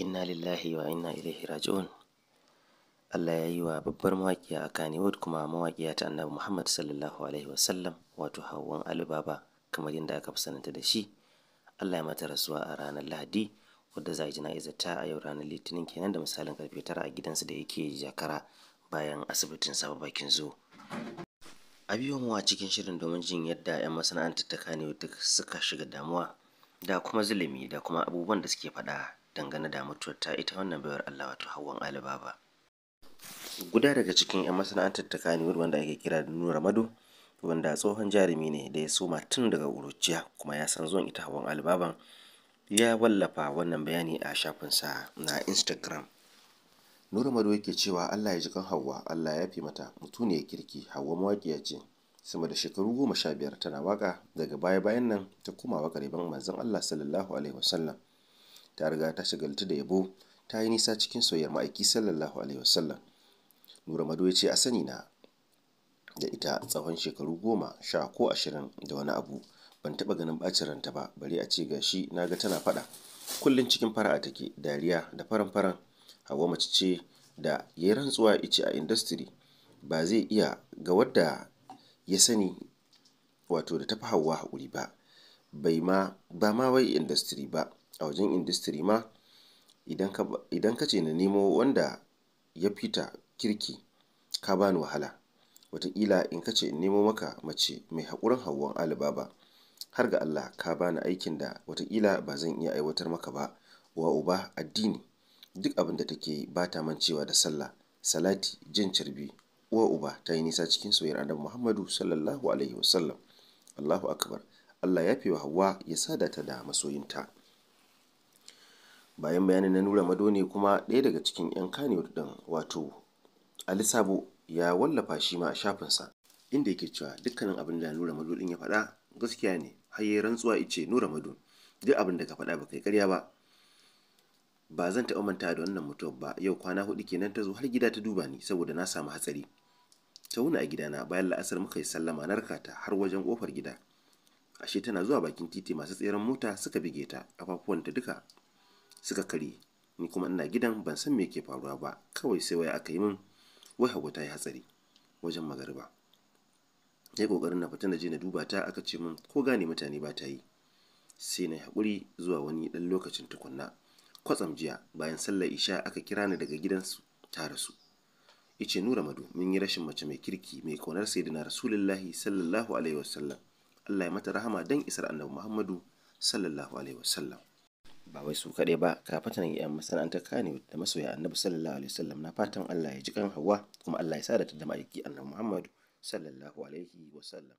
Inna lillahi wa inna ilaihi raji'un. Allah ya yi wa babbar mawaƙiya a Kannywood kuma mawaƙiya ta Annabi Muhammad sallallahu alaihi wasallam wato Hawwan Alibaba kamar yadda aka fi sananta da shi. Allah ya mata rasuwa a ranar Lahadi wadda za a jana'izar ta a yau ranar Litinin kenan da misalin karfe tara a gidansa da yake Jakara bayan asibitin bakin zo. A biyo mu a cikin shirin domin jin yadda 'yan masana'antar ta Kannywood duk suka shiga damuwa da kuma zulumi da kuma abubuwan da suke faɗa dangane da mutuwar ta ita wannan bayar Allah wato hawan Alibaba. Guda daga cikin 'yan masana'antar ta Kannywood wanda ake kira da Nura Mado wanda tsohon jarumi ne da ya soma tun daga uruciya kuma ya san zuwan ita hawan Alibaban ya wallafa wannan bayani a shafinsa na Instagram. Nura Mado yake cewa Allah ya ji kan hawa Allah ya fi mata mutuniyar kirki, hawa mawaƙiya ce. sama da shekaru goma sha biyar tana waka daga baya bayan nan ta koma waka ban manzon Allah sallallahu alaihi wasallam ta riga ta shagaltu da yabo ta yi nisa cikin soyayyar ma'aiki sallallahu alaihi wasallam nura mado ya ce a sani na da ita tsawon shekaru goma sha ko ashirin da wani abu ban taɓa ganin ɓacin ranta ba bari a ce gashi na ga tana faɗa kullum cikin fara'a take dariya da faran-faran hawa mace ce da ya yi rantsuwa ice a industry ba zai iya ga wadda ya sani wato da tafi hawa hakuri ba bai ba ma wai industry ba a wajen industry ma idan ka ce na nemo wanda ya fita kirki ka bani wahala watakila in ka ce in nemo maka mace mai haƙurin hauwan alibaba har ga Allah ka bani aikin da watakila ba zan iya aiwatar maka ba wa uba addini duk abin da take bata ba ta mancewa da sallah salati jin carbi uwa uba ta yi nisa cikin soyayyar annabi muhammadu sallallahu alaihi wasallam allahu akbar allah ya fi wa hawa ya sada ta da masoyinta bayan bayani na nura madoni kuma ɗaya daga cikin 'yan kanewar ɗin wato ali sabo ya wallafa shi ma a shafinsa inda yake cewa dukkanin abin da nura madoni ya faɗa gaskiya ne har ya rantsuwa ice nura madon duk abin da ka faɗa ba kai ƙarya ba ba zan taɓa manta da wannan mutuwar ba yau kwana hudu kenan ta zo har gida ta duba ni saboda na samu hatsari ta wuni a gidana bayan la'asar muka yi sallama na rakata har wajen kofar gida ashe tana zuwa bakin titi masu tseren mota suka bige ta kafafuwanta duka suka kare ni kuma ina gidan ban san me ke faruwa ba kawai sai waya aka yi min wai hagu ta yi hatsari wajen magariba ya kokarin na fita na je na duba ta aka ce min ko gane mutane ba ta yi sai na haƙuri zuwa wani ɗan lokacin tukunna kwatsam jiya bayan sallar isha aka kira ni daga gidansu ta rasu ice nura madu mun yi rashin mace mai kirki mai kaunar sayyidina rasulullahi sallallahu alaihi wasallam Allah ya mata rahama dan isar annabi Muhammadu sallallahu alaihi wasallam ba wai su kaɗai ba kafatan ‘yan masana'antar kane da masoya Annabi sallallahu alaihi wasallam na fatan Allah ya ji kan Hauwa kuma Allah ya sada ta da ma'aiki Annabi Muhammad sallallahu alaihi wasallam.